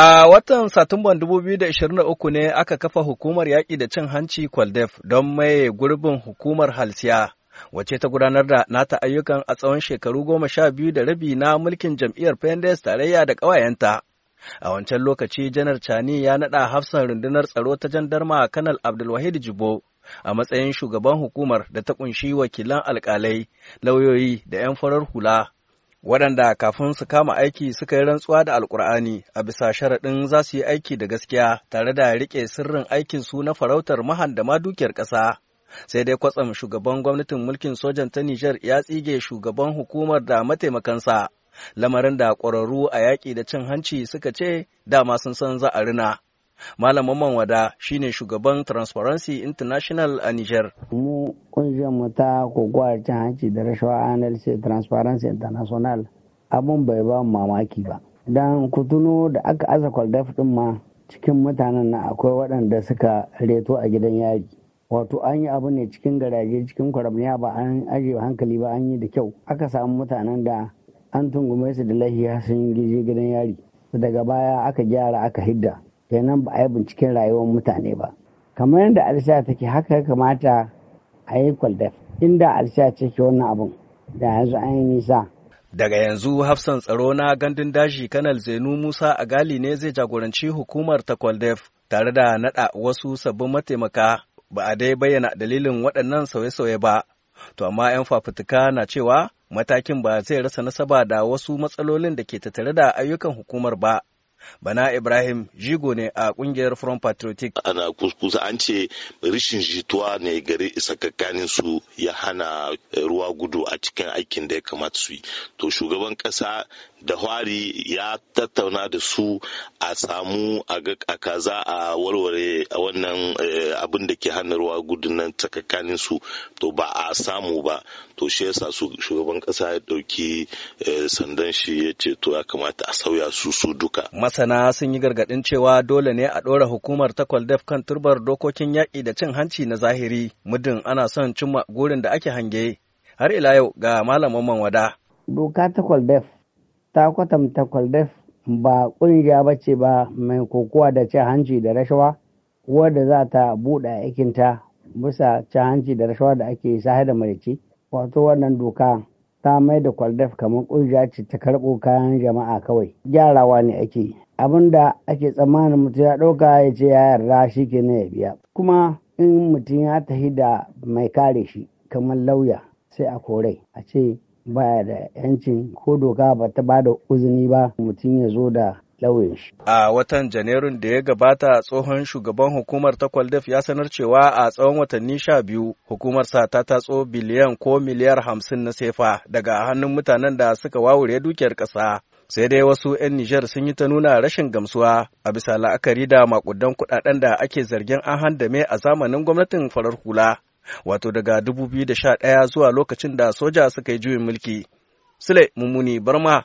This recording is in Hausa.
A watan Satumban 2023 ne aka kafa hukumar yaƙi da cin hanci Kwaldef don maye gurbin hukumar Halsiya, wace ta gudanar da nata ayyukan a tsawon shekaru goma sha biyu da rabi na mulkin jam'iyyar Pendes tarayya da ƙawayenta. A wancan lokaci Janar Chani ya naɗa hafsan rundunar tsaro ta jandarma Kanal Abdulwahid Jibo a matsayin shugaban hukumar da ta ƙunshi wakilan alƙalai, lauyoyi da 'yan farar hula. waɗanda kafin su kama aiki suka yi rantsuwa da alkur'ani a bisa sharaɗin za su yi aiki da gaskiya tare da riƙe sirrin aikin su na farautar mahandama dukiyar ƙasa sai dai kwatsam shugaban gwamnatin mulkin sojan ta Nijar ya tsige shugaban hukumar da mataimakansa lamarin da ƙwararru a yaƙi da cin hanci suka ce dama sun san za a rina Malam Mamman Wada shine shugaban Transparency International a Niger. Mu kungiyar mu ta kokowa cin hanci da rashawa ANLC Transparency International abun bai ba mamaki ba. Dan kutuno da aka aza kwaldaf din ma cikin mutanen na akwai waɗanda suka reto a gidan yari. Wato an yi abu ne cikin garaje cikin kwaramniya ba an ajiye hankali ba an yi da kyau. Aka samu mutanen da an tungume su da lahiya sun gije gidan yari. Daga baya aka gyara aka hidda. kenan ba a yi binciken rayuwar mutane ba kamar yadda alisha take haka ya kamata a yi kwaldaf inda alisha ce ke wannan abun da yanzu an yi nisa daga yanzu hafsan tsaro na gandun daji kanal zainu musa a gali ne zai jagoranci hukumar ta kwaldef tare da nada wasu sabbin mataimaka ba a dai bayyana dalilin waɗannan sauye-sauye ba to amma 'yan fafutuka na cewa matakin ba zai rasa nasaba da wasu matsalolin da ke tattare da ayyukan hukumar ba Bana Ibrahim jigo ne a kungiyar Front Patriotic. Ana kuskusa an ce rishin jituwa ne gari sakakkanin su ya hana ruwa gudu a cikin aikin da ya kamata su yi. To shugaban kasa da hwari ya tattauna da su a samu a kaza a warware a wannan eh, abin da ke hana ruwa gudu nan sakakkanin su to ba a samu ba. To shi yasa su shugaban kasa ya dauki eh, sandan shi ya ce to ya kamata a sauya su su duka. Masana sun yi gargaɗin cewa dole ne a ɗora hukumar takwal def kan turbar dokokin yaƙi da cin hanci na zahiri muddin ana son cimma gurin da ake hange. Har ila yau ga malamin manwada. Doka takwal def ta kwatanta def ba ƙungiya ba ce ba mai kokowa da cin hanci da rashawa wadda za ta buɗe aikinta bisa cin hanci da rashawa da ake sahi da marici. Wato wannan doka ta mai da kwaldaf kamar ƙungiya ce ta karɓo kayan jama'a kawai gyarawa ne ake yi abin da ake tsammanin mutum ya ɗauka ya ce ya yarda shi ke ya biya kuma in mutum ya tafi da mai kare shi kamar lauya sai a korai a ce baya da yancin ko doka ba ta ba da uzini ba mutum ya zo da A watan Janairun da ya gabata tsohon shugaban hukumar ta Kwaldef ya sanar cewa a tsawon watanni sha biyu hukumar ta tatso biliyan ko miliyar hamsin na sefa daga hannun mutanen da suka wawure dukiyar ƙasa. Sai dai wasu 'yan Nijar sun yi ta nuna rashin gamsuwa a bisa la'akari da makudan kuɗaɗen da ake zargin an handame a zamanin gwamnatin farar hula. Wato daga 2011 zuwa lokacin da soja suka yi juyin mulki. Sule Mummuni Barma